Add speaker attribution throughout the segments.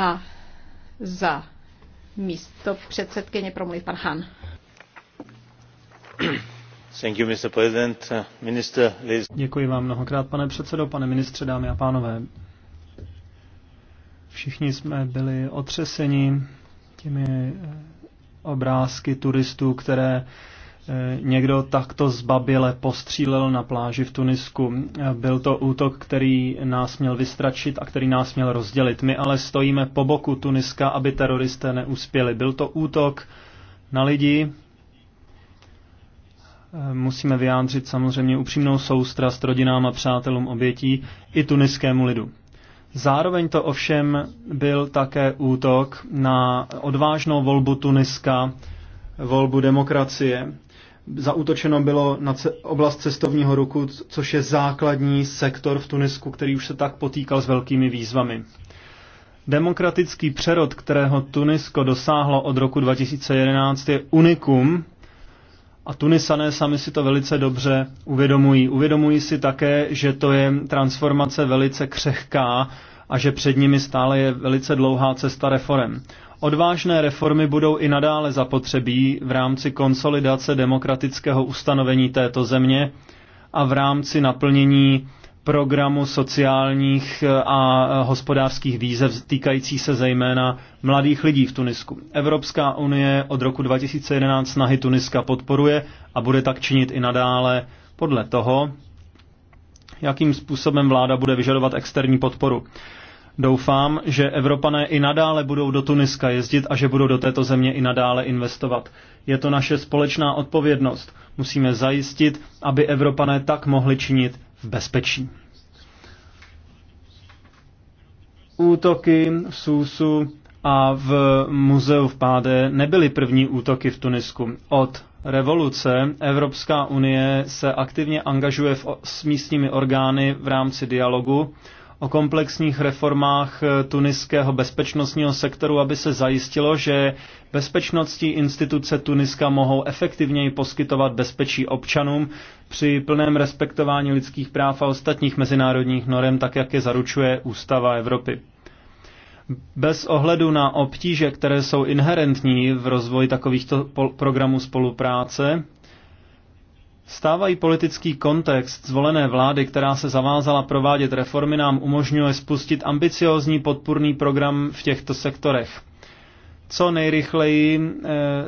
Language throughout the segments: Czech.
Speaker 1: A za místo předsedkyně promluví pan Han.
Speaker 2: Uh, Děkuji vám mnohokrát, pane předsedo, pane ministře, dámy a pánové. Všichni jsme byli otřeseni těmi eh, obrázky turistů, které Eh, někdo takto zbabile postřílel na pláži v Tunisku. Eh, byl to útok, který nás měl vystračit a který nás měl rozdělit. My ale stojíme po boku Tuniska, aby teroristé neuspěli. Byl to útok na lidi. Eh, musíme vyjádřit samozřejmě upřímnou soustrast rodinám a přátelům obětí i tuniskému lidu. Zároveň to ovšem byl také útok na odvážnou volbu Tuniska, volbu demokracie Zautočeno bylo na oblast cestovního ruku, což je základní sektor v Tunisku, který už se tak potýkal s velkými výzvami. Demokratický přerod, kterého Tunisko dosáhlo od roku 2011, je unikum a Tunisané sami si to velice dobře uvědomují. Uvědomují si také, že to je transformace velice křehká a že před nimi stále je velice dlouhá cesta reform. Odvážné reformy budou i nadále zapotřebí v rámci konsolidace demokratického ustanovení této země a v rámci naplnění programu sociálních eh, a hospodářských výzev týkající se zejména mladých lidí v Tunisku. Evropská unie od roku 2011 snahy Tuniska podporuje a bude tak činit i nadále podle toho, jakým způsobem vláda bude vyžadovat externí podporu. Doufám, že Evropané i nadále budou do Tuniska jezdit a že budou do této země i nadále investovat. Je to naše společná odpovědnost. Musíme zajistit, aby Evropané tak mohli činit v bezpečí. Útoky v Sousu a v muzeu v Páde nebyly první útoky v Tunisku. Od revoluce Evropská unie se aktivně angažuje v, s místními orgány v rámci dialogu o komplexních reformách eh, tuniského bezpečnostního sektoru, aby se zajistilo, že bezpečnostní instituce Tuniska mohou efektivněji poskytovat bezpečí občanům při plném respektování lidských práv a ostatních mezinárodních norem, tak jak je zaručuje Ústava Evropy. Bez ohledu na obtíže, které jsou inherentní v rozvoji takovýchto programů spolupráce, Stávají politický kontext zvolené vlády, která se zavázala provádět reformy, nám umožňuje spustit ambiciózní podpůrný program v těchto sektorech. Co nejrychleji e,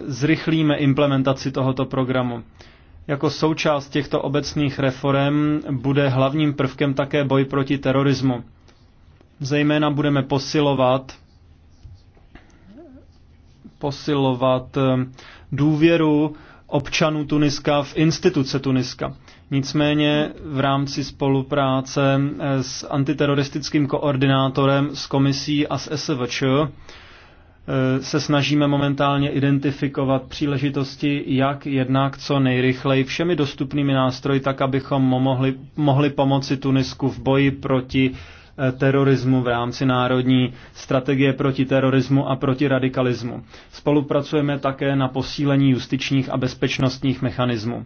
Speaker 2: zrychlíme implementaci tohoto programu. Jako součást těchto obecných reform bude hlavním prvkem také boj proti terorismu. Zejména budeme posilovat posilovat eh, důvěru občanů Tuniska v instituce Tuniska. Nicméně v rámci spolupráce eh, s antiteroristickým koordinátorem, s komisí a s SVČ eh, se snažíme momentálně identifikovat příležitosti, jak jednak co nejrychleji všemi dostupnými nástroji, tak abychom mohli, mohli pomoci Tunisku v boji proti Eh, terorismu v rámci národní strategie proti terorismu a proti radikalismu. Spolupracujeme také na posílení justičních a bezpečnostních mechanismů.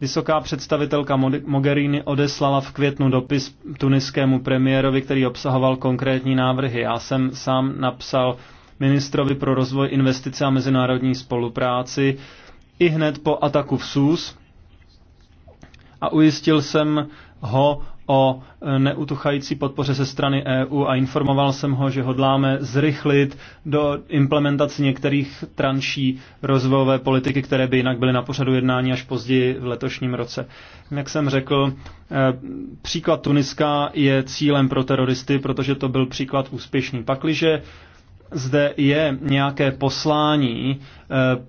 Speaker 2: Vysoká představitelka Mogherini odeslala v květnu dopis tuniskému premiérovi, který obsahoval konkrétní návrhy. Já jsem sám napsal ministrovi pro rozvoj investice a mezinárodní spolupráci i hned po ataku v SUS a ujistil jsem ho o e, neutuchající podpoře ze strany EU a informoval jsem ho, že hodláme zrychlit do implementaci některých tranší rozvojové politiky, které by jinak byly na pořadu jednání až později v letošním roce. Jak jsem řekl, e, příklad Tuniska je cílem pro teroristy, protože to byl příklad úspěšný. Pakliže zde je nějaké poslání eh,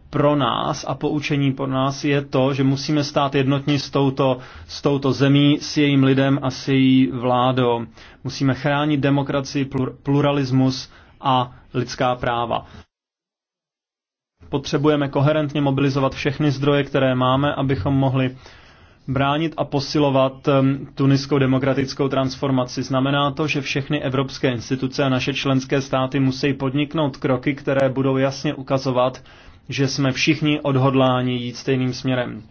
Speaker 2: pro nás a poučení pro nás je to, že musíme stát jednotní s touto, s touto zemí, s jejím lidem a s její vládou. Musíme chránit demokracii, pluralismus a lidská práva. Potřebujeme koherentně mobilizovat všechny zdroje, které máme, abychom mohli bránit a posilovat ehm, tuniskou demokratickou transformaci. Znamená to, že všechny evropské instituce a naše členské státy musí podniknout kroky, které budou jasně ukazovat, že jsme všichni odhodláni jít stejným směrem.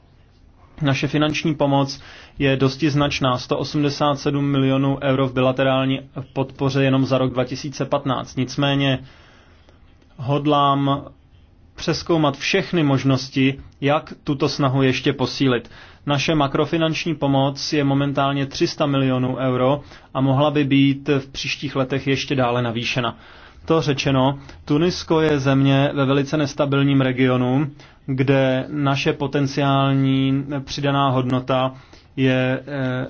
Speaker 2: Naše finanční pomoc je dosti značná, 187 milionů euro v bilaterální podpoře jenom za rok 2015. Nicméně hodlám přeskoumat všechny možnosti, jak tuto snahu ještě posílit. Naše makrofinanční pomoc je momentálně 300 milionů euro a mohla by být v příštích letech ještě dále navýšena. To řečeno, Tunisko je země ve velice nestabilním regionu, kde naše potenciální přidaná hodnota je eh,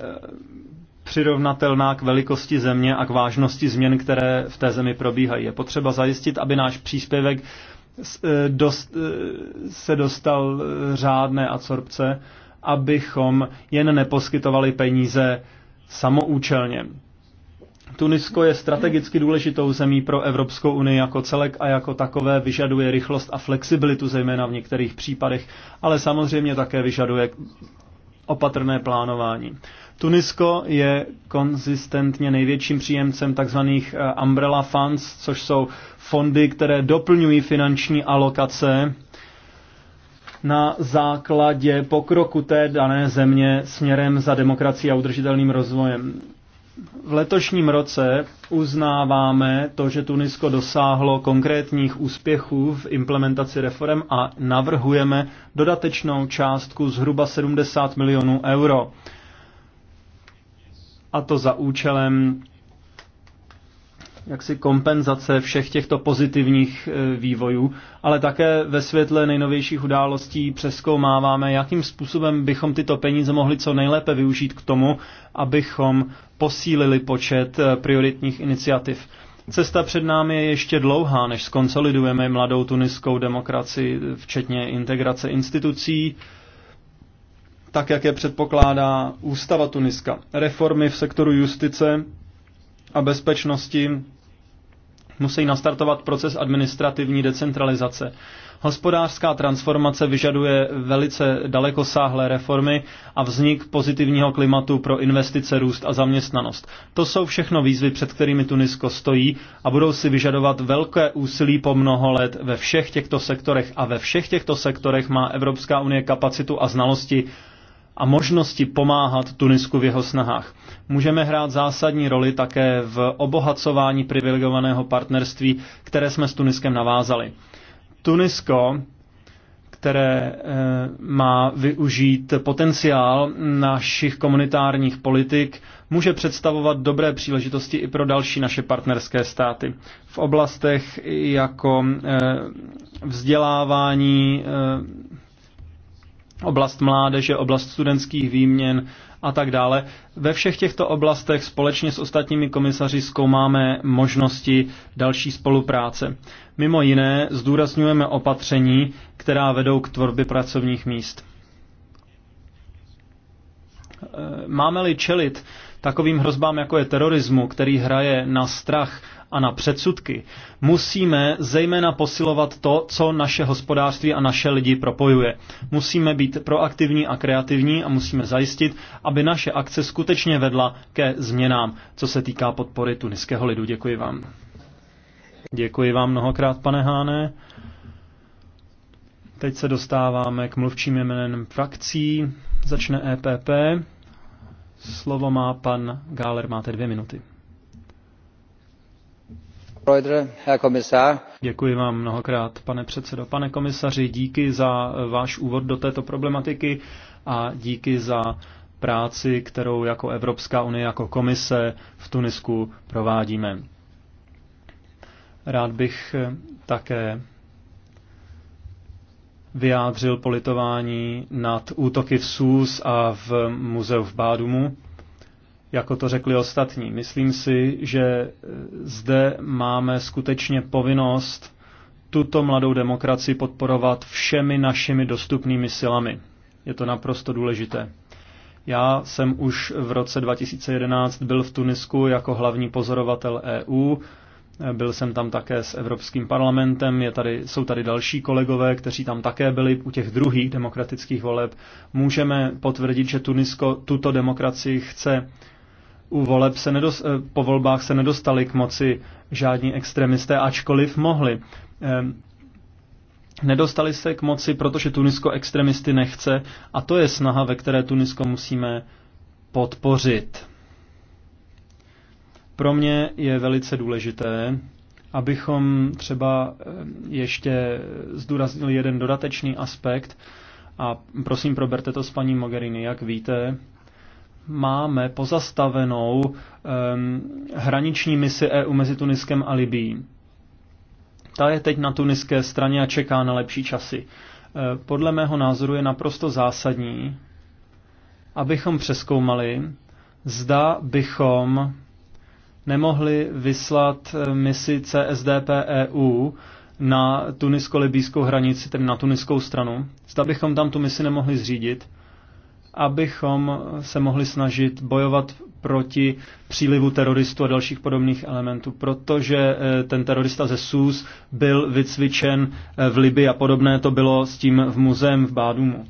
Speaker 2: přirovnatelná k velikosti země a k vážnosti změn, které v té zemi probíhají. Je potřeba zajistit, aby náš příspěvek eh, eh, se dostal řádné absorpce abychom jen neposkytovali peníze samoučelně. Tunisko je strategicky důležitou zemí pro Evropskou unii jako celek a jako takové vyžaduje rychlost a flexibilitu, zejména v některých případech, ale samozřejmě také vyžaduje opatrné plánování. Tunisko je konzistentně největším příjemcem tzv. Eh, umbrella funds, což jsou fondy, které doplňují finanční alokace na základě pokroku té dané země směrem za demokracií a udržitelným rozvojem. V letošním roce uznáváme to, že Tunisko dosáhlo konkrétních úspěchů v implementaci reform a navrhujeme dodatečnou částku zhruba 70 milionů euro. A to za účelem jaksi kompenzace všech těchto pozitivních e, vývojů, ale také ve světle nejnovějších událostí přeskoumáváme, jakým způsobem bychom tyto peníze mohli co nejlépe využít k tomu, abychom posílili počet e, prioritních iniciativ. Cesta před námi je ještě dlouhá, než skonsolidujeme mladou tuniskou demokracii, e, včetně integrace institucí, tak jak je předpokládá ústava Tuniska. Reformy v sektoru justice a bezpečnosti Musí nastartovat proces administrativní decentralizace. Hospodářská transformace vyžaduje velice dalekosáhlé reformy a vznik pozitivního klimatu pro investice, růst a zaměstnanost. To jsou všechno výzvy, před kterými Tunisko stojí a budou si vyžadovat velké úsilí po mnoho let ve všech těchto sektorech a ve všech těchto sektorech má Evropská unie kapacitu a znalosti a možnosti pomáhat Tunisku v jeho snahách. Můžeme hrát zásadní roli také v obohacování privilegovaného partnerství, které jsme s Tuniskem navázali. Tunisko, které eh, má využít potenciál našich komunitárních politik, může představovat dobré příležitosti i pro další naše partnerské státy. V oblastech jako eh, vzdělávání, eh, oblast mládeže, oblast studentských výměn a tak dále. Ve všech těchto oblastech společně s ostatními komisaři zkoumáme možnosti další spolupráce. Mimo jiné zdůrazňujeme opatření, která vedou k tvorbě pracovních míst. E, máme-li čelit takovým hrozbám, jako je terorismu, který hraje na strach a na předsudky. Musíme zejména posilovat to, co naše hospodářství a naše lidi propojuje. Musíme být proaktivní a kreativní a musíme zajistit, aby naše akce skutečně vedla ke změnám, co se týká podpory tuniského lidu. Děkuji vám. Děkuji vám mnohokrát, pane Háne. Teď se dostáváme k mluvčím jménem frakcí. Začne EPP. Slovo má pan Gáler, máte dvě minuty. Děkuji vám mnohokrát, pane předsedo. Pane komisaři, díky za váš úvod do této problematiky a díky za práci, kterou jako Evropská unie, jako komise v Tunisku provádíme. Rád bych také vyjádřil politování nad útoky v Sůz a v muzeu v Bádumu jako to řekli ostatní. Myslím si, že eh, zde máme skutečně povinnost tuto mladou demokracii podporovat všemi našimi dostupnými silami. Je to naprosto důležité. Já jsem už v roce 2011 byl v Tunisku jako hlavní pozorovatel EU. Eh, byl jsem tam také s Evropským parlamentem, je tady, jsou tady další kolegové, kteří tam také byli u těch druhých demokratických voleb. Můžeme potvrdit, že Tunisko tuto demokracii chce u voleb se nedos, eh, po volbách se nedostali k moci žádní extremisté, ačkoliv mohli. Ehm, nedostali se k moci, protože Tunisko extremisty nechce a to je snaha, ve které Tunisko musíme podpořit. Pro mě je velice důležité, abychom třeba eh, ještě zdůraznili jeden dodatečný aspekt a prosím, proberte to s paní Mogherini, jak víte, máme pozastavenou um, hraniční misi EU mezi Tuniskem a Libií. Ta je teď na tuniské straně a čeká na lepší časy. E, podle mého názoru je naprosto zásadní, abychom přeskoumali, zda bychom nemohli vyslat e, misi CSDP EU na tunisko-libijskou hranici, tedy na tuniskou stranu. Zda bychom tam tu misi nemohli zřídit abychom se mohli snažit bojovat proti přílivu teroristů a dalších podobných elementů, protože eh, ten terorista ze SUS byl vycvičen eh, v Libii a podobné to bylo s tím v muzeem v Bádumu.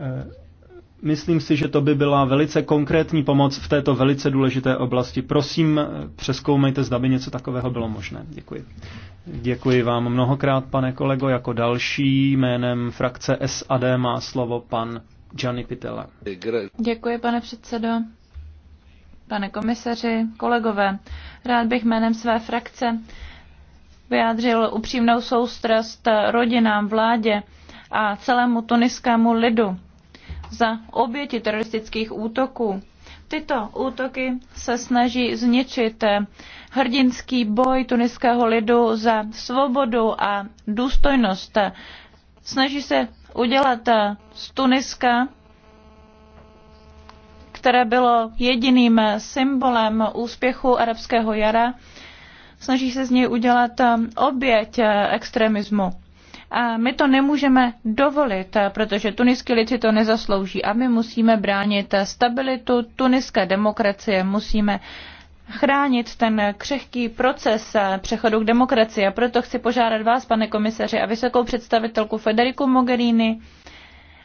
Speaker 2: Eh, myslím si, že to by byla velice konkrétní pomoc v této velice důležité oblasti. Prosím, přeskoumejte, zda by něco takového bylo možné. Děkuji. Děkuji vám mnohokrát, pane kolego. Jako další jménem frakce SAD má slovo pan Gianni Pitella.
Speaker 3: Děkuji, pane předsedo. Pane komisaři, kolegové, rád bych jménem své frakce vyjádřil upřímnou soustrast rodinám, vládě a celému tuniskému lidu za oběti teroristických útoků. Tyto útoky se snaží zničit hrdinský boj tuniského lidu za svobodu a důstojnost. Snaží se udělat eh, z Tuniska, které bylo jediným eh, symbolem úspěchu arabského jara, snaží se z něj udělat eh, oběť extremismu. A my to nemůžeme dovolit, protože tuniský lid si to nezaslouží a my musíme bránit stabilitu tuniské demokracie, musíme chránit ten křehký proces přechodu k demokracii. A proto chci požádat vás, pane komisaři, a vysokou představitelku Federiku Mogherini,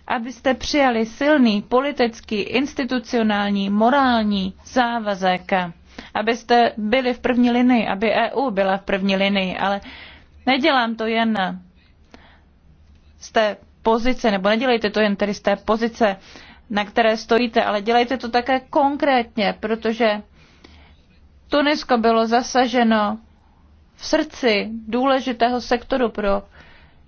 Speaker 3: abyste přijali silný politický, institucionální, morální závazek, abyste byli v první linii, aby EU byla v první linii, ale nedělám to jen z té pozice, nebo nedělejte to jen tedy z té pozice, na které stojíte, ale dělejte to také konkrétně, protože Tunisko bylo zasaženo v srdci důležitého sektoru pro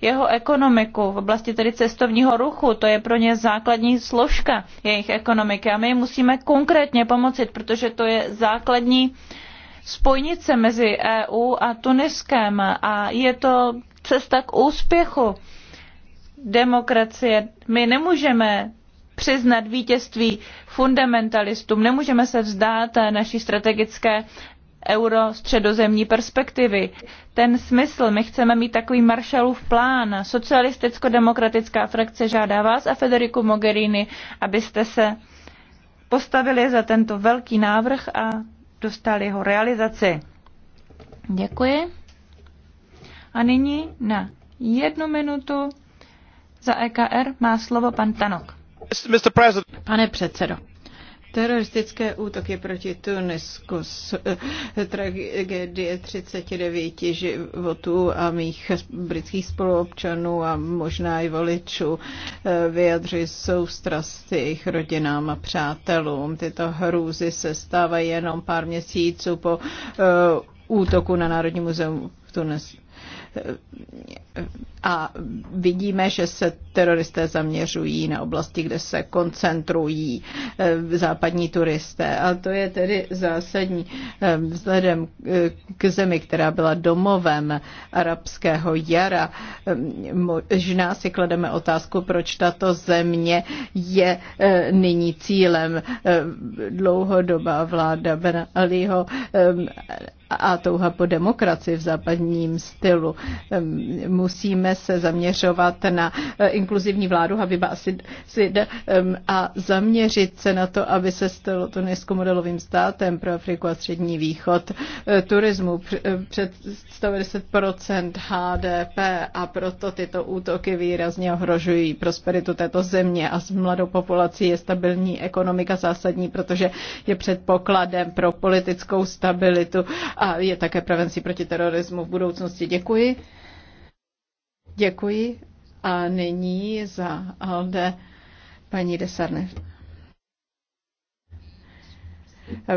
Speaker 3: jeho ekonomiku v oblasti tedy cestovního ruchu. To je pro ně základní složka jejich ekonomiky a my jim musíme konkrétně pomoci, protože to je základní spojnice mezi EU a Tuniskem a je to cesta k úspěchu demokracie. My nemůžeme přiznat vítězství fundamentalistům. Nemůžeme se vzdát naší strategické eurostředozemní perspektivy. Ten smysl, my chceme mít takový Marshallův plán. Socialisticko-demokratická frakce žádá vás a Federiku Mogherini, abyste se postavili za tento velký návrh a dostali jeho realizaci. Děkuji. A nyní na jednu minutu za EKR má slovo pan Tanok.
Speaker 1: Pane předsedo, teroristické útoky proti Tunisku, eh, tragédie 39 životů a mých britských spoluobčanů a možná i voličů eh, vyjadřují soustrast jejich rodinám a přátelům. Tyto hrůzy se stávají jenom pár měsíců po eh, útoku na Národní muzeum v Tunisku a vidíme, že se teroristé zaměřují na oblasti, kde se koncentrují eh, západní turisté. A to je tedy zásadní eh, vzhledem eh, k zemi, která byla domovem arabského jara. Možná si klademe otázku, proč tato země je nyní cílem dlouhodobá vláda Ben Aliho a touha po demokracii v západním stylu. Musíme se zaměřovat na eh, inkluzivní vládu Habiba Asid a zaměřit se na to, aby se stalo Tunisko modelovým státem pro Afriku a Střední východ. Eh, turismu eh, před 110 HDP a proto tyto útoky výrazně ohrožují prosperitu této země a s mladou populací je stabilní ekonomika zásadní, protože je předpokladem pro politickou stabilitu a je také prevencí proti terorismu v budoucnosti. Děkuji. Děkuji. A nyní za Alde paní Desarne.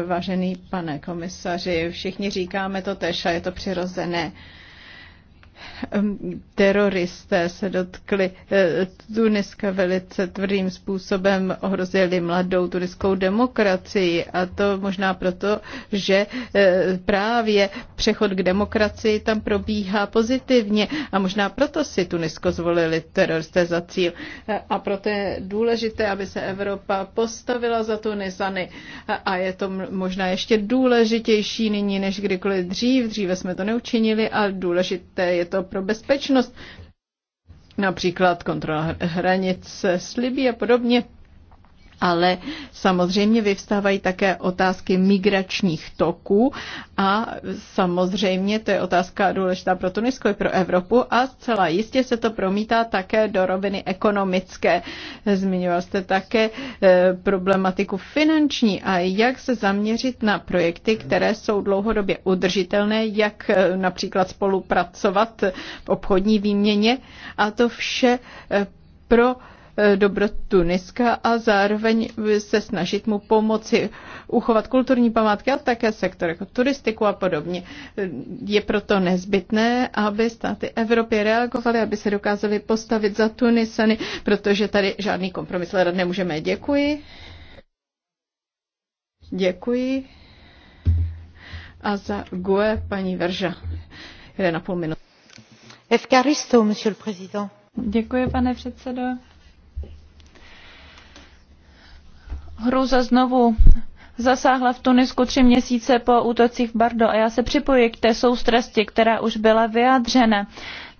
Speaker 1: Vážený pane komisaři, všichni říkáme to tež a je to přirozené teroristé se dotkli eh, Tuniska velice tvrdým způsobem, ohrozili mladou tuniskou demokracii a to možná proto, že eh, právě přechod k demokracii tam probíhá pozitivně a možná proto si Tunisko zvolili teroristé za cíl. Eh, a proto je důležité, aby se Evropa postavila za Tunisany a je to možná ještě důležitější nyní než kdykoliv dřív. Dříve jsme to neučinili a důležité je to pro bezpečnost, například kontrola hranic s Libí a podobně ale samozřejmě vyvstávají také otázky migračních toků a samozřejmě to je otázka důležitá pro Tunisko i pro Evropu a zcela jistě se to promítá také do roviny ekonomické. Zmiňoval jste také eh, problematiku finanční a jak se zaměřit na projekty, které jsou dlouhodobě udržitelné, jak eh, například spolupracovat v obchodní výměně a to vše eh, pro dobrotu Niska a zároveň se snažit mu pomoci uchovat kulturní památky a také sektor jako turistiku a podobně. Je proto nezbytné, aby státy Evropy reagovaly, aby se dokázaly postavit za Tunisany, protože tady žádný kompromis hledat nemůžeme. Děkuji. Děkuji. A za GUE paní Verža. Jde na půl minuty. Děkuji, pane předsedo. hrůza znovu
Speaker 3: zasáhla v Tunisku tři měsíce po útocích v Bardo a já se připojuji k té soustrasti, která už byla vyjádřena.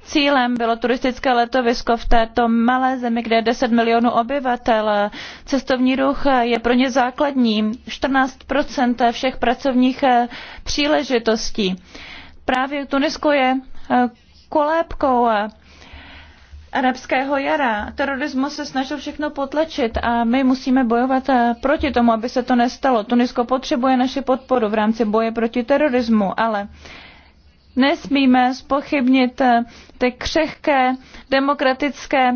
Speaker 3: Cílem bylo turistické letovisko v této malé zemi, kde je 10 milionů obyvatel. Cestovní ruch je pro ně základní, 14 všech pracovních eh, příležitostí. Právě Tunisko je eh, kolébkou arabského jara. Terorismus se snažil všechno potlačit a my musíme bojovat eh, proti tomu, aby se to nestalo. Tunisko potřebuje naši podporu v rámci boje proti terorismu, ale nesmíme spochybnit eh, ty křehké demokratické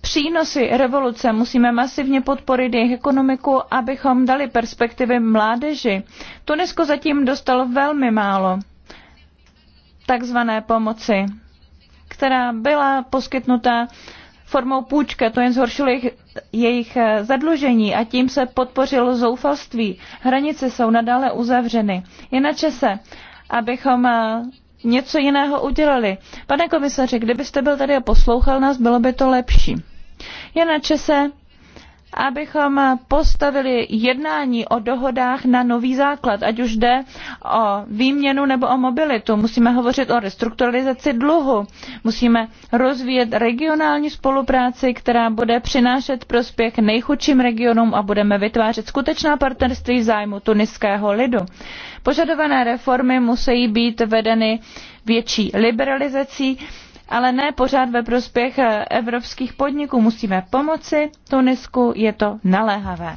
Speaker 3: přínosy revoluce. Musíme masivně podporit jejich ekonomiku, abychom dali perspektivy mládeži. Tunisko zatím dostalo velmi málo takzvané pomoci která byla poskytnuta formou půjčka, to jen zhoršilo jejich, jejich eh, zadlužení a tím se podpořilo zoufalství. Hranice jsou nadále uzavřeny. Je na čase, abychom eh, něco jiného udělali. Pane komisaři, kdybyste byl tady a poslouchal nás, bylo by to lepší. Je na čase, abychom postavili jednání o dohodách na nový základ, ať už jde o výměnu nebo o mobilitu. Musíme hovořit o restrukturalizaci dluhu, musíme rozvíjet regionální spolupráci, která bude přinášet prospěch nejchudším regionům a budeme vytvářet skutečná partnerství v zájmu tuniského lidu. Požadované reformy musí být vedeny větší liberalizací, ale ne pořád ve prospěch eh, evropských podniků. Musíme pomoci Tunisku, je to naléhavé.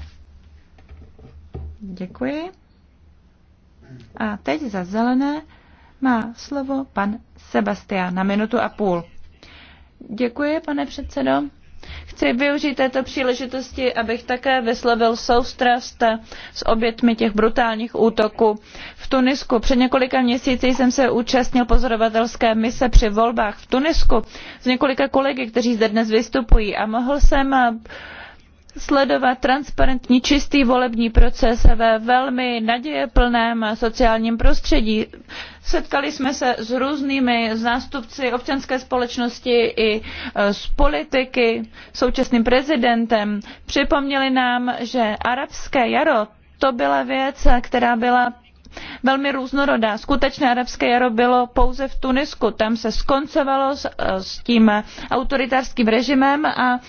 Speaker 3: Děkuji. A teď za zelené má slovo pan Sebastián na minutu a půl. Děkuji, pane předsedo. Chci využít této příležitosti, abych také vyslovil soustrast s obětmi těch brutálních útoků v Tunisku. Před několika měsíci jsem se účastnil pozorovatelské mise při volbách v Tunisku s několika kolegy, kteří zde dnes vystupují a mohl jsem sledovat transparentní čistý volební proces ve velmi nadějeplném sociálním prostředí. Setkali jsme se s různými zástupci občanské společnosti i e, s politiky, současným prezidentem. Připomněli nám, že arabské jaro to byla věc, která byla velmi různorodá. Skutečné arabské jaro bylo pouze v Tunisku. Tam se skoncovalo s, e, s tím autoritářským režimem a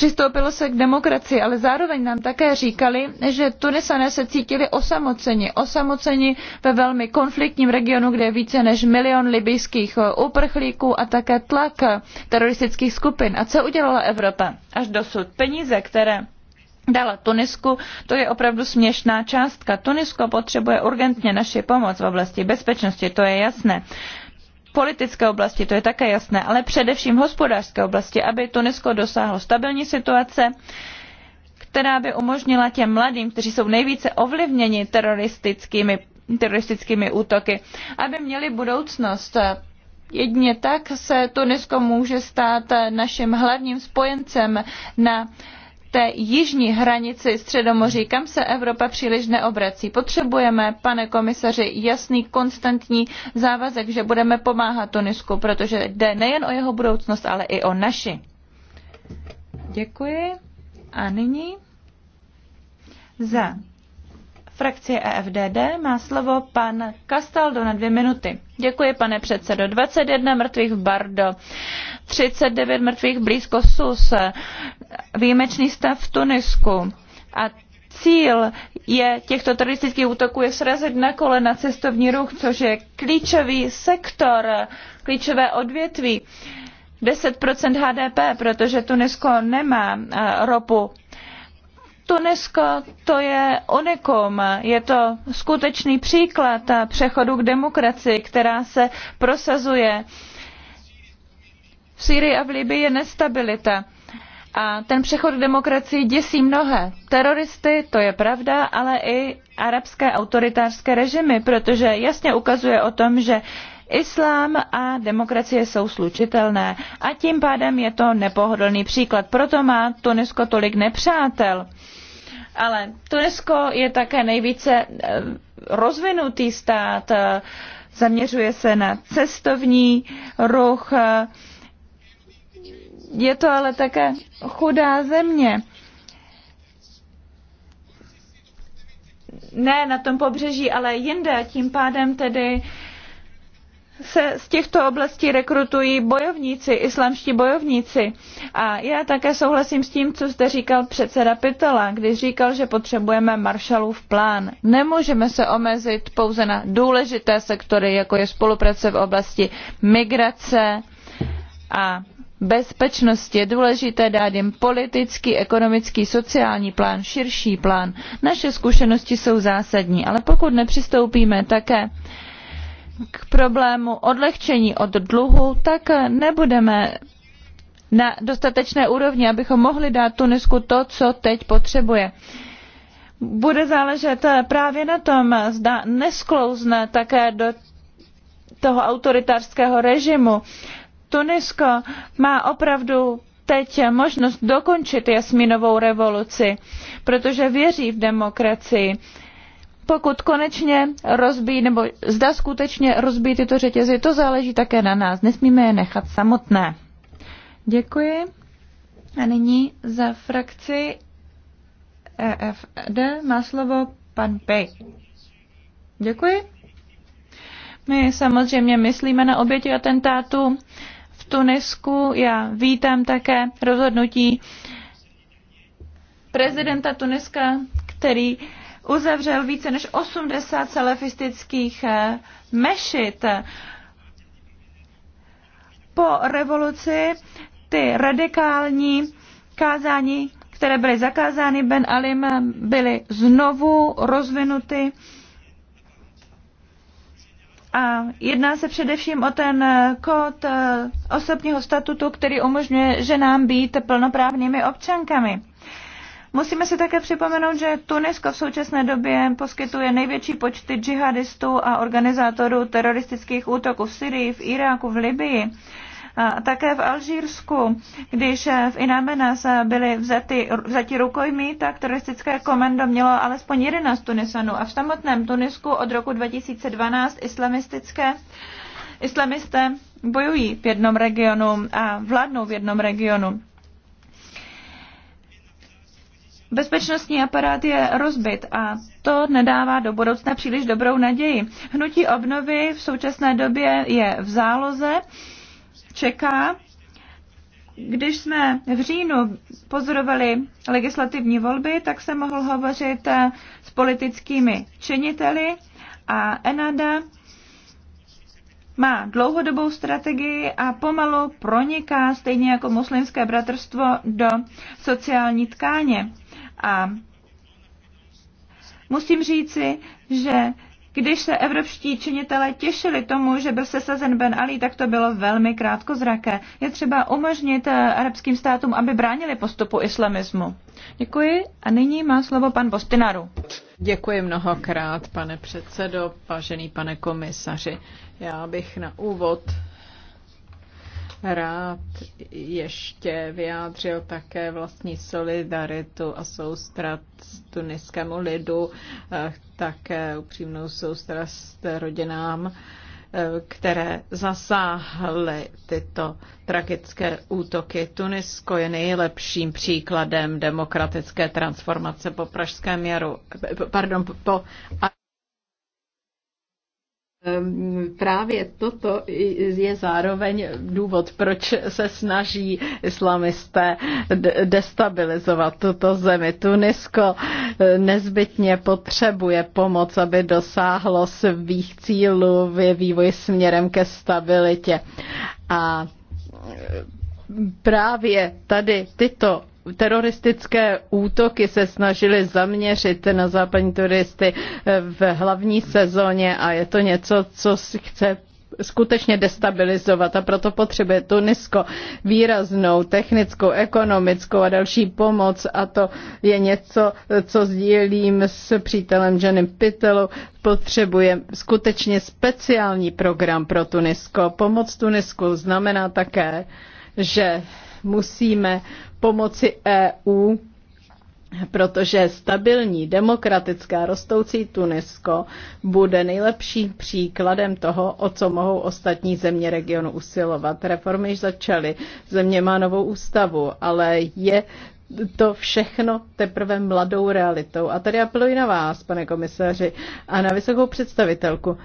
Speaker 3: přistoupilo se k demokracii, ale zároveň nám také říkali, že Tunisané se cítili osamoceni. Osamoceni ve velmi konfliktním regionu, kde je více než milion libyjských eh, uprchlíků a také tlak teroristických skupin. A co udělala Evropa? Až dosud peníze, které dala Tunisku, to je opravdu směšná částka. Tunisko potřebuje urgentně naši pomoc v oblasti bezpečnosti, to je jasné politické oblasti, to je také jasné, ale především hospodářské oblasti, aby Tunisko dosáhlo stabilní situace, která by umožnila těm mladým, kteří jsou nejvíce ovlivněni teroristickými, teroristickými útoky, aby měli budoucnost. Jedině tak se Tunisko může stát naším hlavním spojencem na té jižní hranici Středomoří, kam se Evropa příliš neobrací. Potřebujeme, pane komisaři, jasný, konstantní závazek, že budeme pomáhat Tunisku, protože jde nejen o jeho budoucnost, ale i o naši. Děkuji. A nyní za frakci EFDD má slovo pan Castaldo na dvě minuty. Děkuji, pane předsedo. 21 mrtvých v Bardo. 39 mrtvých blízko Sus, výjimečný stav v Tunisku. A cíl je těchto teroristických útoků je srazit na kolena cestovní ruch, což je klíčový sektor, klíčové odvětví. 10% HDP, protože Tunisko nemá eh, ropu. Tunisko to je unikum, je to skutečný příklad eh, přechodu k demokracii, která se prosazuje uh, v Sýrii a v libyi je nestabilita. A ten přechod k demokracii děsí mnohé. Teroristy, to je pravda, ale i arabské autoritářské režimy, protože jasně ukazuje o tom, že Islám a demokracie jsou slučitelné a tím pádem je to nepohodlný příklad. Proto má Tunisko tolik nepřátel. Ale Tunisko je také nejvíce eh, rozvinutý stát, eh, zaměřuje se na cestovní ruch, eh, je to ale také chudá země. Ne na tom pobřeží, ale jinde. Tím pádem tedy se z těchto oblastí rekrutují bojovníci, islamští bojovníci. A já také souhlasím s tím, co zde říkal předseda Pitela, když říkal, že potřebujeme maršalův plán. Nemůžeme se omezit pouze na důležité sektory, jako je spolupráce v oblasti migrace a bezpečnosti. Je důležité dát jim politický, ekonomický, sociální plán, širší plán. Naše zkušenosti jsou zásadní, ale pokud nepřistoupíme také k problému odlehčení od dluhu, tak nebudeme na dostatečné úrovni, abychom mohli dát Tunisku to, co teď potřebuje. Bude záležet právě na tom, zda nesklouzne také do toho autoritářského režimu Tunisko má opravdu teď možnost dokončit jasminovou revoluci, protože věří v demokracii. Pokud konečně rozbí, nebo zda skutečně rozbí tyto řetězy, to záleží také na nás. Nesmíme je nechat samotné. Děkuji. A nyní za frakci EFD má slovo pan Pej. Děkuji. My samozřejmě myslíme na oběti atentátu Tunisku. Já vítám také rozhodnutí prezidenta Tuniska, který uzavřel více než 80 salafistických eh, mešit. Po revoluci ty radikální kázání, které byly zakázány Ben Alim, byly znovu rozvinuty a jedná se především o ten kód eh, osobního statutu, který umožňuje ženám být plnoprávnými občankami. Musíme si také připomenout, že Tunisko v současné době poskytuje největší počty džihadistů a organizátorů teroristických útoků v Syrii, v Iráku, v Libii také v Alžírsku, když v Inamenas byly vzaty, vzati rukojmí, tak teroristické komendo mělo alespoň 11 Tunisanů. A v samotném Tunisku od roku 2012 islamistické islamisté bojují v jednom regionu a vládnou v jednom regionu. Bezpečnostní aparát je rozbit a to nedává do budoucna příliš dobrou naději. Hnutí obnovy v současné době je v záloze čeká. Když jsme v říjnu pozorovali legislativní volby, tak se mohl hovořit eh, s politickými činiteli a Enada má dlouhodobou strategii a pomalu proniká, stejně jako muslimské bratrstvo, do sociální tkáně. A musím říci, že když se evropští činitelé těšili tomu, že byl sesazen Ben Ali, tak to bylo velmi krátkozraké. Je třeba umožnit eh, arabským státům, aby bránili postupu islamismu. Děkuji a nyní má slovo pan Bostinaru.
Speaker 1: Děkuji mnohokrát, pane předsedo, vážený pane komisaři. Já bych na úvod rád ještě vyjádřil také vlastní solidaritu a soustrat tuniskému lidu, eh, také upřímnou soustrast rodinám, eh, které zasáhly tyto tragické útoky. Tunisko je nejlepším příkladem demokratické transformace po pražském jaru, eh, pardon, po Ehm, právě toto je zároveň důvod, proč se snaží islamisté destabilizovat tuto zemi. Tunisko eh, nezbytně potřebuje pomoc, aby dosáhlo svých cílů v vývoji směrem ke stabilitě. A eh, právě tady tyto teroristické útoky se snažili zaměřit na západní turisty eh, v hlavní sezóně a je to něco, co si chce skutečně destabilizovat a proto potřebuje Tunisko výraznou technickou, ekonomickou a další pomoc a to je něco, co sdílím s přítelem Janem Pitelu. Potřebuje skutečně speciální program pro Tunisko. Pomoc Tunisku znamená také, že musíme pomoci EU protože stabilní, demokratické a rostoucí Tunisko bude nejlepším příkladem toho, o co mohou ostatní země regionu usilovat. Reformy již začaly, země má novou ústavu, ale je to všechno teprve mladou realitou. A tady apeluji na vás, pane komisaři, a na vysokou představitelku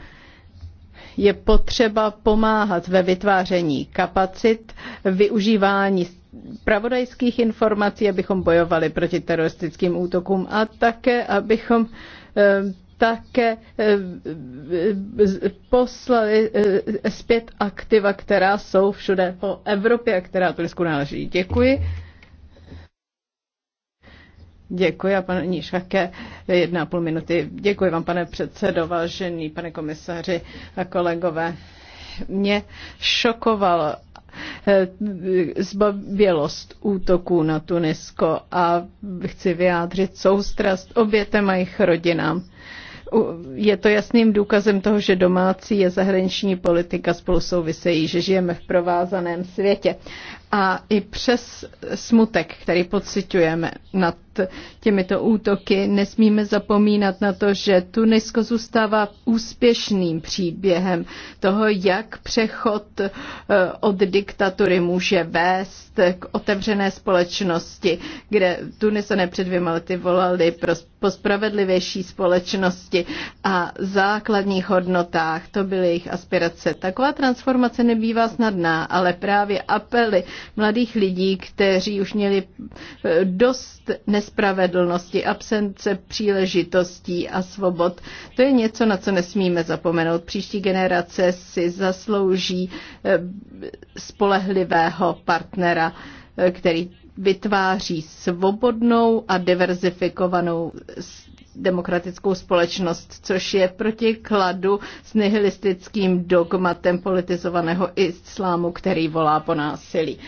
Speaker 1: je potřeba pomáhat ve vytváření kapacit, využívání pravodajských informací, abychom bojovali proti teroristickým útokům a také, abychom eh, také eh, poslali eh, zpět aktiva, která jsou všude po Evropě a která Turecku náleží. Děkuji. Děkuji a paní Švake, jedna a půl minuty. Děkuji vám, pane předsedo, vážený pane komisaři a kolegové. Mě šokoval eh, zbabělost útoků na Tunisko a chci vyjádřit soustrast obětem a jejich rodinám. Je to jasným důkazem toho, že domácí je zahraniční politika spolu souvisejí, že žijeme v provázaném světě. A i přes smutek, který pocitujeme nad těmito útoky, nesmíme zapomínat na to, že Tunisko zůstává úspěšným příběhem toho, jak přechod eh, od diktatury může vést k otevřené společnosti, kde Tunisané před dvěma lety volali pro, po spravedlivější společnosti a základních hodnotách. To byly jejich aspirace. Taková transformace nebývá snadná, ale právě apely mladých lidí, kteří už měli eh, dost nespravedlnosti, absence příležitostí a svobod. To je něco, na co nesmíme zapomenout. Příští generace si zaslouží eh, spolehlivého partnera, eh, který vytváří svobodnou a diverzifikovanou demokratickou společnost, což je proti kladu s nihilistickým dogmatem politizovaného islámu, který volá po násilí.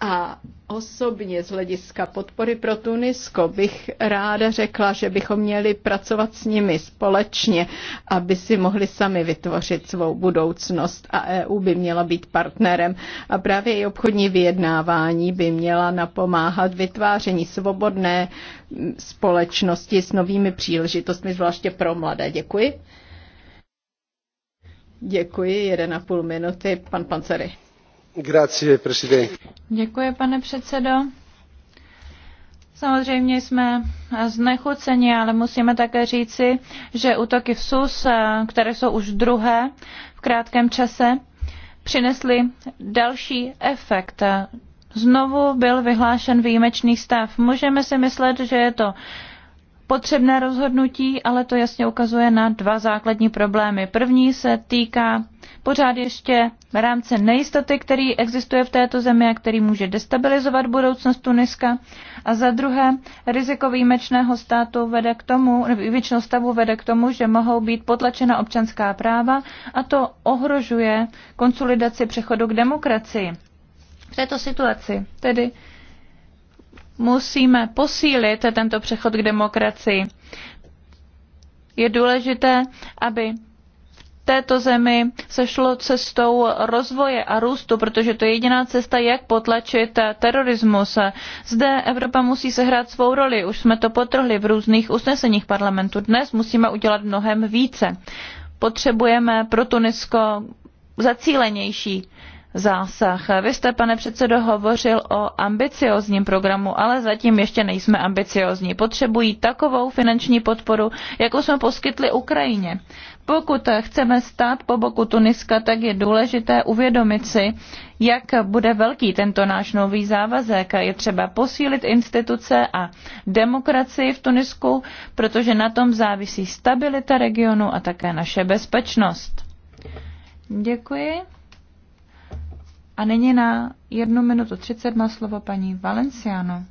Speaker 1: A osobně z hlediska podpory pro Tunisko bych ráda řekla, že bychom měli pracovat s nimi společně, aby si mohli sami vytvořit svou budoucnost a EU by měla být partnerem. A právě i obchodní vyjednávání by měla napomáhat vytváření svobodné mm, společnosti s novými příležitostmi, zvláště pro mladé. Děkuji. Děkuji, jeden a půl minuty, pan Pancery.
Speaker 3: Děkuji, pane předsedající Samozřejmě jsme znechuceni, ale musíme také říci, že útoky v SUS, eh, které jsou už druhé v krátkém čase, přinesly další efekt. Znovu byl vyhlášen výjimečný stav. Můžeme si myslet, že je to potřebné rozhodnutí, ale to jasně ukazuje na dva základní problémy. První se týká pořád ještě v rámci nejistoty, který existuje v této zemi a který může destabilizovat budoucnost Tuniska. A za druhé, riziko výjimečného státu vede k tomu, nebo výjimečného stavu vede k tomu, že mohou být potlačena občanská práva a to ohrožuje konsolidaci přechodu k demokracii. V této situaci tedy musíme posílit tento přechod k demokracii. Je důležité, aby této zemi se šlo cestou rozvoje a růstu, protože to je jediná cesta, jak potlačit terorismus. Zde Evropa musí sehrát svou roli. Už jsme to potrhli v různých usneseních parlamentu. Dnes musíme udělat mnohem více. Potřebujeme pro Tunisko zacílenější zásah. Vy jste, pane předsedo, hovořil o ambiciozním programu, ale zatím ještě nejsme ambiciozní. Potřebují takovou finanční podporu, jakou jsme poskytli Ukrajině. Pokud chceme stát po boku Tuniska, tak je důležité uvědomit si, jak bude velký tento náš nový závazek. Je třeba posílit instituce a demokracii v Tunisku, protože na tom závisí stabilita regionu a také naše bezpečnost. Děkuji. A nyní na jednu minutu 30 má slovo paní Valenciano.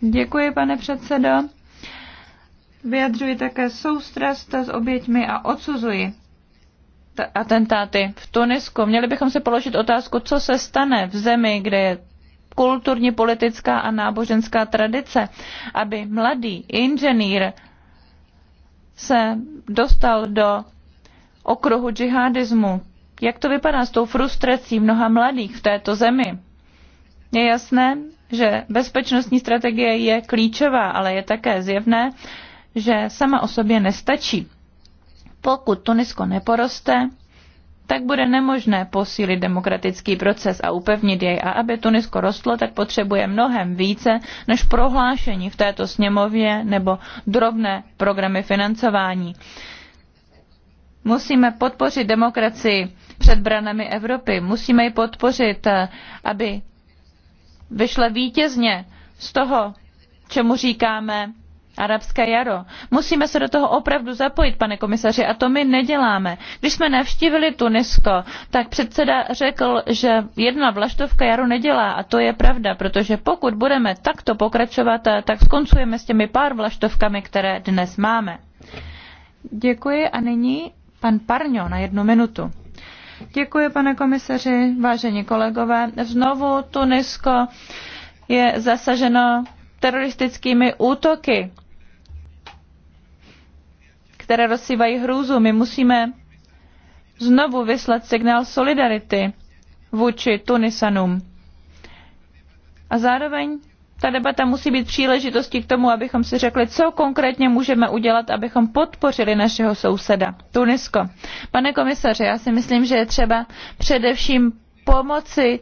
Speaker 3: Děkuji, pane předsedo. Vyjadřuji také soustrast s oběťmi a odsuzuji atentáty v Tunisku. Měli bychom si položit otázku, co se stane v zemi, kde je kulturní, politická a náboženská tradice, aby mladý inženýr se dostal do okruhu džihadismu, jak to vypadá s tou frustrací mnoha mladých v této zemi. Je jasné, že bezpečnostní strategie je klíčová, ale je také zjevné, že sama o sobě nestačí. Pokud Tunisko neporoste, tak bude nemožné posílit demokratický proces a upevnit jej. A aby Tunisko rostlo, tak potřebuje mnohem více než prohlášení v této sněmově nebo drobné programy financování. Musíme podpořit demokracii před branami Evropy. Musíme ji podpořit, eh, aby vyšla vítězně z toho, čemu říkáme arabské jaro. Musíme se do toho opravdu zapojit, pane komisaři, a to my neděláme. Když jsme navštívili Tunisko, tak předseda řekl, že jedna vlaštovka jaro nedělá a to je pravda, protože pokud budeme takto pokračovat, eh, tak skoncujeme s těmi pár vlaštovkami, které dnes máme. Děkuji a nyní pan Parňo na jednu minutu. Děkuji, pane komisaři, vážení kolegové. Znovu Tunisko je zasaženo teroristickými útoky, které rozsývají hrůzu. My musíme znovu vyslat signál solidarity vůči Tunisanům. A zároveň ta debata musí být příležitostí k tomu, abychom si řekli, co konkrétně můžeme udělat, abychom podpořili našeho souseda, Tunisko. Pane komisaři, já si myslím, že je třeba především pomoci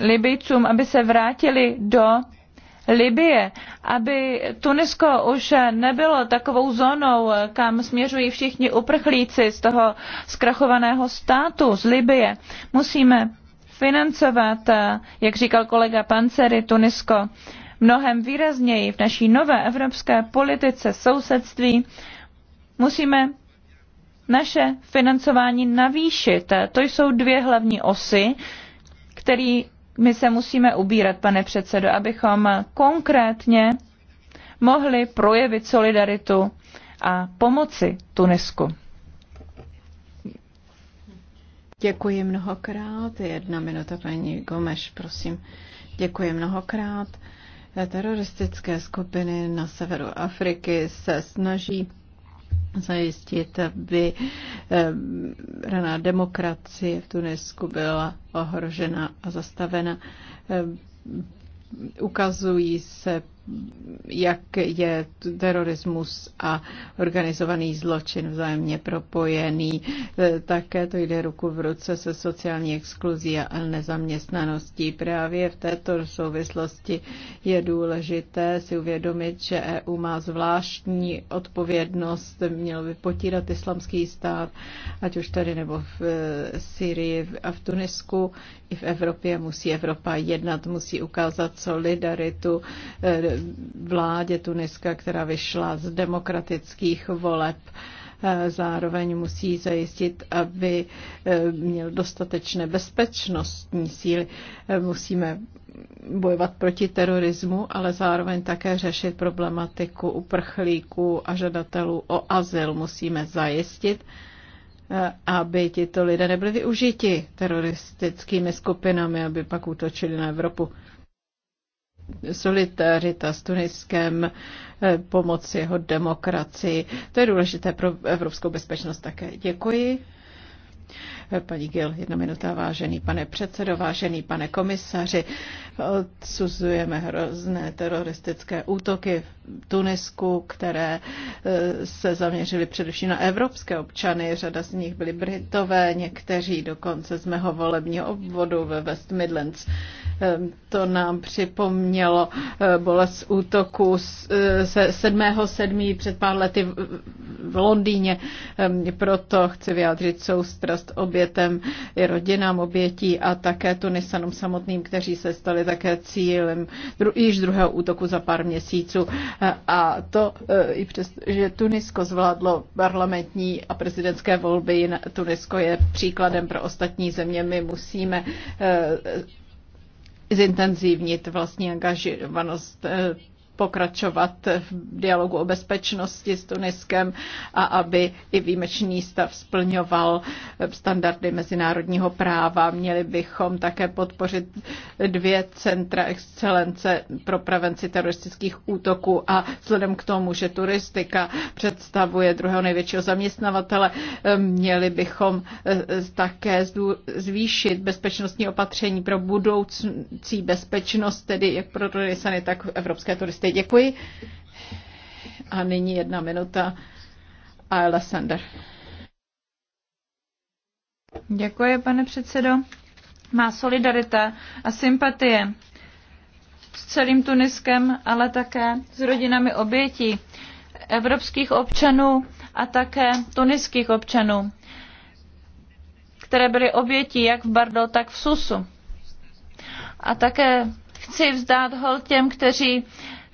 Speaker 3: Libijcům, aby se vrátili do Libye, aby Tunisko už nebylo takovou zónou, kam směřují všichni uprchlíci z toho zkrachovaného státu, z Libye. Musíme financovat, eh, jak říkal kolega Pancery, Tunisko mnohem výrazněji v naší nové evropské politice sousedství, musíme naše financování navýšit. Eh, to jsou dvě hlavní osy, který my se musíme ubírat, pane předsedo, abychom konkrétně mohli projevit solidaritu a pomoci Tunisku.
Speaker 1: Děkuji mnohokrát. Jedna minuta, paní Gomeš, prosím. Děkuji mnohokrát. Teroristické skupiny na severu Afriky se snaží zajistit, aby eh, raná demokracie v Tunisku byla ohrožena a zastavena. Eh, ukazují se jak je terorismus a organizovaný zločin vzájemně propojený. E, také to jde ruku v ruce se sociální exkluzí a nezaměstnaností. Právě v této souvislosti je důležité si uvědomit, že EU má zvláštní odpovědnost, měl by potírat islamský stát, ať už tady nebo v e, Syrii a v Tunisku, i v Evropě musí Evropa jednat, musí ukázat solidaritu e, vládě Tuniska, která vyšla z demokratických voleb. Eh, zároveň musí zajistit, aby eh, měl dostatečné bezpečnostní síly. Eh, musíme bojovat proti terorismu, ale zároveň také řešit problematiku uprchlíků a žadatelů o azyl. Musíme zajistit, aby tito lidé nebyli využiti teroristickými skupinami, aby pak útočili na Evropu solidarita s Tuniskem, eh, pomoc jeho demokracii. To je důležité pro evropskou bezpečnost také. Děkuji. Paní Gil, jedna minuta, vážený pane předsedo, vážený pane komisaři. Odsuzujeme hrozné teroristické útoky v Tunisku, které eh, se zaměřily především na evropské občany. Řada z nich byli Britové, někteří dokonce z mého volebního obvodu ve West Midlands. Ehm, to nám připomnělo eh, bolest útoku eh, se 7. před pár lety v Londýně. Ehm, proto chci vyjádřit soustrast obě obětem i rodinám obětí a také Tunisanům samotným, kteří se stali také cílem dru- již druhého útoku za pár měsíců. A to eh, i přes, že Tunisko zvládlo parlamentní a prezidentské volby, Tunisko je příkladem pro ostatní země. My musíme eh, zintenzivnit vlastní angažovanost eh, pokračovat v dialogu o bezpečnosti s Tuniskem a aby i výjimečný stav splňoval standardy mezinárodního práva. Měli bychom také podpořit dvě centra excelence pro prevenci teroristických útoků a vzhledem k tomu, že turistika představuje druhého největšího zaměstnavatele, měli bychom eh, eh, také zvýšit bezpečnostní opatření pro budoucí bezpečnost, tedy jak pro turisty, tak evropské turisty Opět Děkuji. A nyní jedna minuta. Ayla Sander. Děkuji, pane předsedo. Má solidarita
Speaker 3: a sympatie s celým Tuniskem, ale také s rodinami obětí evropských občanů a také tuniských občanů, které byly obětí jak v Bardo, tak v Susu. A také chci vzdát hol těm, kteří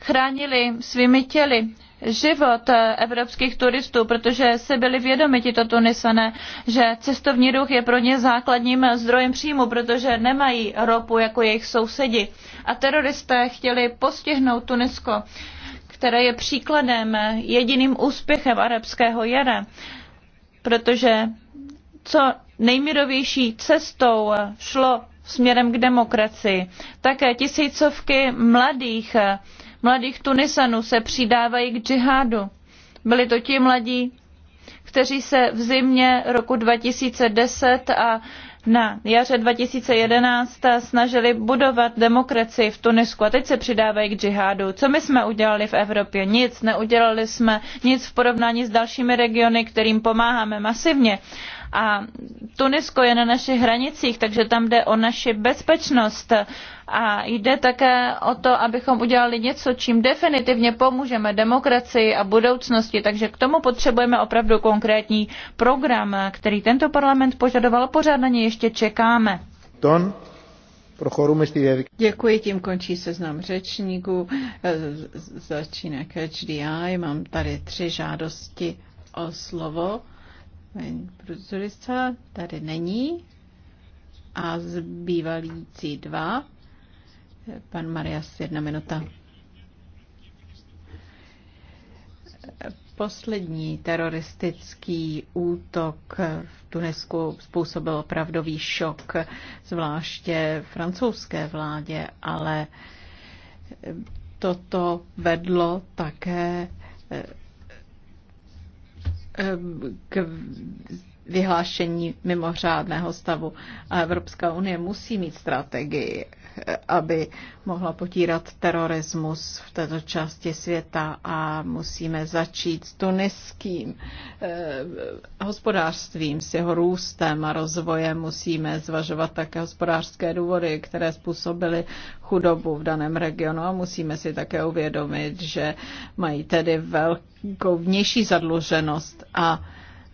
Speaker 3: chránili svými těly život eh, evropských turistů, protože si byli vědomi tito Tunisané, že cestovní ruch je pro ně základním zdrojem příjmu, protože nemají ropu jako jejich sousedi. A teroristé chtěli postihnout Tunisko, které je příkladem, eh, jediným úspěchem arabského jara, protože co nejmírovější cestou eh, šlo směrem k demokracii. Také tisícovky mladých mladých Tunisanů se přidávají k džihádu. Byli to ti mladí, kteří se v zimě roku 2010 a na jaře 2011 snažili budovat demokracii v Tunisku a teď se přidávají k džihádu. Co my jsme udělali v Evropě? Nic. Neudělali jsme nic v porovnání s dalšími regiony, kterým pomáháme masivně a Tunisko je na našich hranicích, takže tam jde o naši bezpečnost a jde také o to, abychom udělali něco, čím definitivně pomůžeme demokracii a budoucnosti. Takže k tomu potřebujeme opravdu konkrétní program, který tento parlament požadoval, pořád na něj ještě čekáme.
Speaker 2: Don.
Speaker 1: Děkuji, tím končí seznam řečníků. E, začíná Catch Mám tady tři žádosti o slovo. Paní Pruzurica tady není a zbývalící dva. Pan Marias, jedna minuta. Poslední teroristický útok v Tunisku způsobil opravdový šok, zvláště francouzské vládě, ale toto vedlo také k vyhlášení mimořádného stavu. A Evropská unie musí mít strategii aby mohla potírat terorismus v této části světa a musíme začít s tuniským eh, hospodářstvím, s jeho růstem a rozvojem. Musíme zvažovat také hospodářské důvody, které způsobily chudobu v daném regionu a musíme si také uvědomit, že mají tedy velkou vnější zadluženost a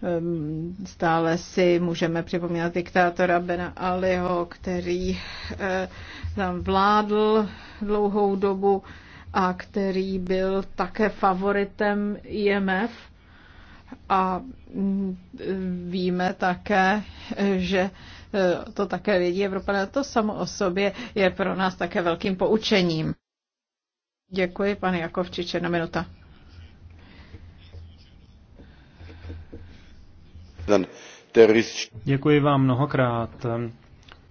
Speaker 1: Ehm, stále si můžeme připomínat diktátora Bena Aliho, který eh, tam vládl dlouhou dobu a který byl také favoritem IMF. A mm, víme také, že eh, to také vědí Evropané. To samo o sobě je pro nás také velkým poučením. Děkuji, pane Jakovčiče, na minuta.
Speaker 2: Děkuji vám mnohokrát.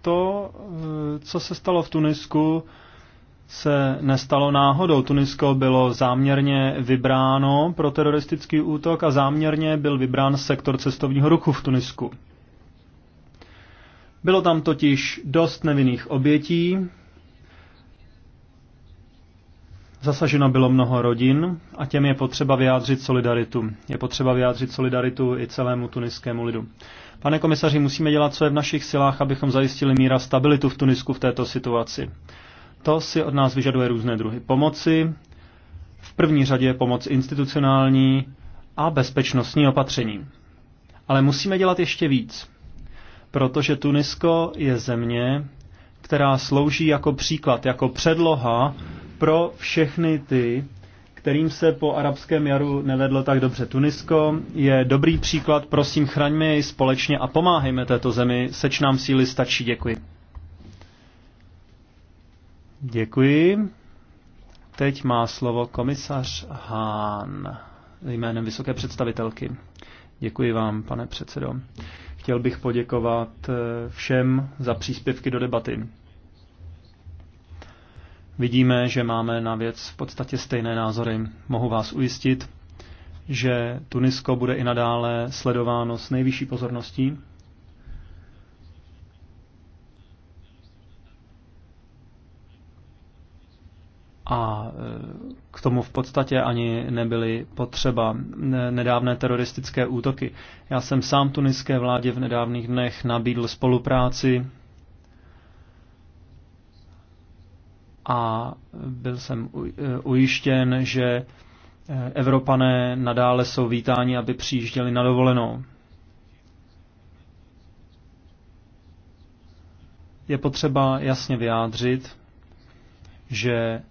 Speaker 2: To, co se stalo v Tunisku, se nestalo náhodou. Tunisko bylo záměrně vybráno pro teroristický útok a záměrně byl vybrán sektor cestovního ruchu v Tunisku. Bylo tam totiž dost nevinných obětí, Zasaženo bylo mnoho rodin a těm je potřeba vyjádřit solidaritu. Je potřeba vyjádřit solidaritu i celému tuniskému lidu. Pane komisaři, musíme dělat, co je v našich silách, abychom zajistili míra stabilitu v Tunisku v této situaci. To si od nás vyžaduje různé druhy pomoci. V první řadě je pomoc institucionální a bezpečnostní opatření. Ale musíme dělat ještě víc, protože Tunisko je země, která slouží jako příklad, jako předloha pro všechny ty, kterým se po arabském jaru nevedlo tak dobře. Tunisko je dobrý příklad, prosím, chraňme jej společně a pomáhejme této zemi, seč nám síly stačí, děkuji. Děkuji. Teď má slovo komisař Hán jménem vysoké představitelky. Děkuji vám, pane předsedo. Chtěl bych poděkovat eh, všem za příspěvky do debaty. Vidíme, že máme na věc v podstatě stejné názory. Mohu vás ujistit, že Tunisko bude i nadále sledováno s nejvyšší pozorností. A e, k tomu v podstatě ani nebyly potřeba nedávné teroristické útoky. Já jsem sám tuniské vládě v nedávných dnech nabídl spolupráci a byl jsem eh, ujištěn, že eh, Evropané nadále jsou vítáni, aby přijížděli na dovolenou. Je potřeba jasně vyjádřit, že,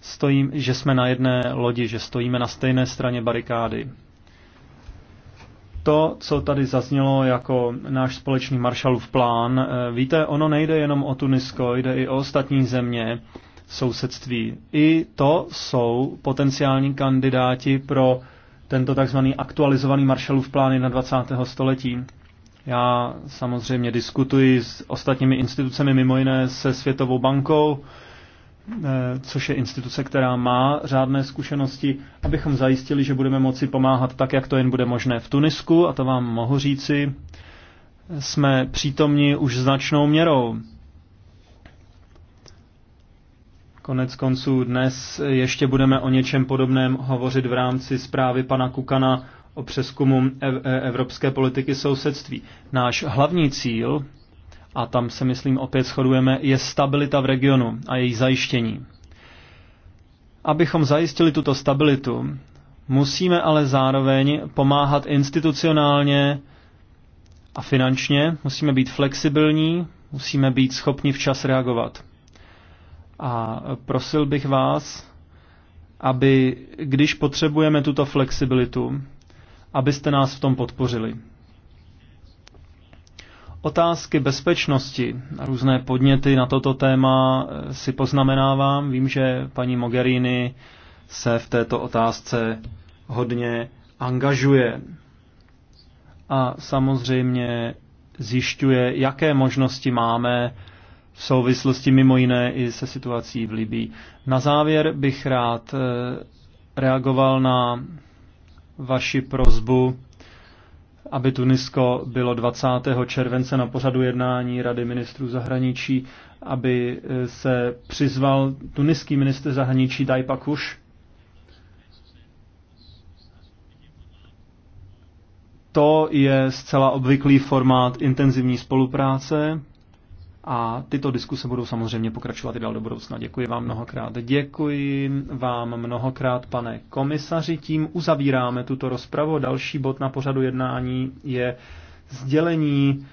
Speaker 2: stojím, že jsme na jedné lodi, že stojíme na stejné straně barikády to, co tady zaznělo jako náš společný Marshallův plán, eh, víte, ono nejde jenom o Tunisko, jde i o ostatní země sousedství. I to jsou potenciální kandidáti pro tento takzvaný aktualizovaný Marshallův plán na 20. století. Já samozřejmě diskutuji s ostatními institucemi, mimo jiné se Světovou bankou, Eh, což je instituce, která má řádné zkušenosti, abychom zajistili, že budeme moci pomáhat tak, jak to jen bude možné v Tunisku, a to vám mohu říci, jsme přítomni už značnou měrou. Konec konců dnes ještě budeme o něčem podobném hovořit v rámci zprávy pana Kukana o přeskumu e-, evropské politiky sousedství. Náš hlavní cíl a tam se myslím opět shodujeme, je stabilita v regionu a její zajištění. Abychom zajistili tuto stabilitu, musíme ale zároveň pomáhat institucionálně a finančně, musíme být flexibilní, musíme být schopni včas reagovat. A prosil bych vás, aby když potřebujeme tuto flexibilitu, abyste nás v tom podpořili. Otázky bezpečnosti a různé podněty na toto téma eh, si poznamenávám. Vím, že paní Mogherini se v této otázce hodně angažuje a samozřejmě zjišťuje, jaké možnosti máme v souvislosti mimo jiné i se situací v Libii. Na závěr bych rád eh, reagoval na vaši prozbu aby Tunisko bylo 20. července na pořadu jednání Rady ministrů zahraničí, aby eh, se přizval tuniský minister zahraničí Dajpa Kush. To je zcela obvyklý formát intenzivní spolupráce a tyto diskuse budou samozřejmě pokračovat i dál do budoucna. Děkuji vám mnohokrát. Děkuji vám mnohokrát, pane komisaři. Tím uzavíráme tuto rozpravu. Další bod na pořadu jednání je sdělení